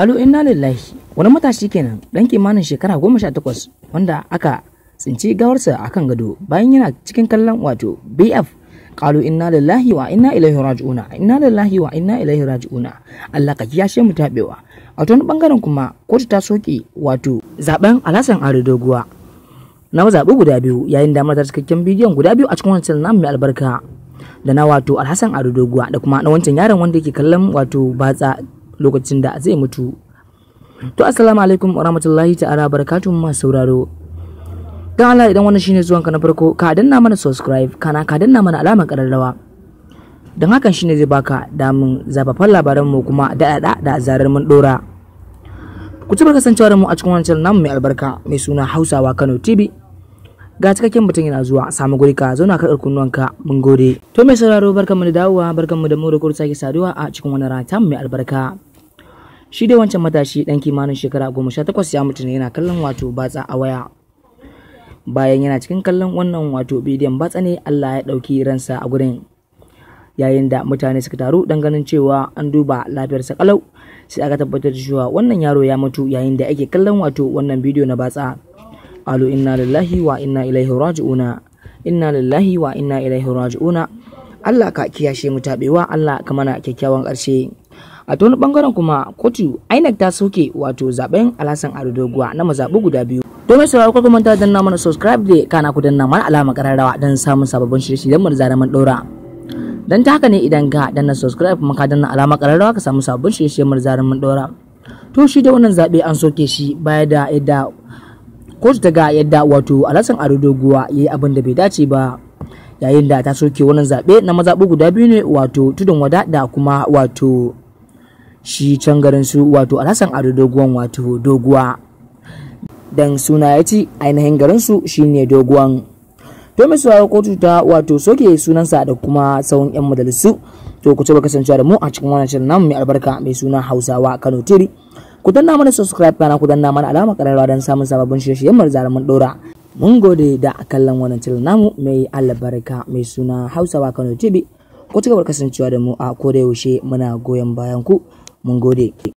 Alo inna lillahi wani matashi kenan dan kimanin shekara goma sha takwas wanda aka tsinci gawarsa a kan gado bayan yana cikin kallon wato BF kalu inna lillahi wa inna ilaihi raji'una inna lillahi wa inna ilaihi raji'una Allah ka mu tabewa a wani bangaren kuma kotu ta soke wato zaben alasan are doguwa na zaɓi guda biyu yayin damar matar cikakken bidiyon guda biyu a cikin wancan na mai albarka da na wato alhassan ado doguwa da kuma na wancan yaron wanda yake kallon wato batsa lokacin da zai mutu to assalamu alaikum rahmatullahi ta'ala barakatuhu masu sauraro don Allah idan wannan shine zuwanka na farko ka danna mana subscribe kana ka danna mana alamar kararrawa don hakan shine zai baka damin zabafan labaran mu kuma da da da zarar mun dora ku ci kasancewa da mu a cikin wannan channel namu mai albarka mai suna Hausawa Kano TV ga cikakken mutum yana zuwa samu guri ka zauna ka kunnuwanka mun gode to mai sauraro barkanmu da dawowa barkanmu da mu da sake saduwa a cikin wani rata mai albarka shi dai wancan matashi dan kimanin shekara goma sha takwas ya mutu ne yana kallon wato batsa a waya bayan yana cikin kallon wannan wato bidiyon batsa ne Allah ya ɗauki ransa a gurin yayin da mutane suka taru dan ganin cewa an duba lafiyarsa kalau sai aka tabbatar da cewa wannan yaro ya mutu yayin da ake kallon wato wannan bidiyo na batsa alu inna lillahi wa inna ilaihi raji'una inna lillahi wa inna ilaihi raji'una Allah ka kiyashe mu tabewa Allah ka mana kyakkyawan ƙarshe a ta wani bangaren kuma kotu inec ta soke wato zaben alhassan ado doguwa na mazaɓu guda biyu domin sauraro kuma manta danna mana subscribe da kana ku danna mana alama kararrawa don samun sababbin shirye-shiryen mu da mun ɗora dan ta haka ne idan ga na subscribe kuma ka danna alama kararrawa ka samu sababbin shirye-shiryen mu da mun ɗora to shi da wannan zaɓe an soke shi baya da yadda kotu ta ga yadda wato alhassan ado doguwa ya yi abin da bai dace ba yayin da ta soke wannan zaɓe na mazaɓu guda biyu ne wato tudun wada da kuma wato shi can garin su wato alhassan ado doguwan wato doguwa dan suna ya ci ainihin garin su shine doguwan to mai sauraro kotu ta wato soke sunansa da kuma tsawon yan majalisu to ku ci kasancewa da mu a cikin wannan shirin namu mai albarka mai suna hausawa kano tiri ku danna mana subscribe kana ku danna mana alama kararwa don samun sababbin shirye-shiryen mu mun dora mun gode da kallon wannan shirin namu mai albarka mai suna hausawa kano tv ku ci gaba kasancewa da mu a koda yaushe muna goyon bayan ku menggodik.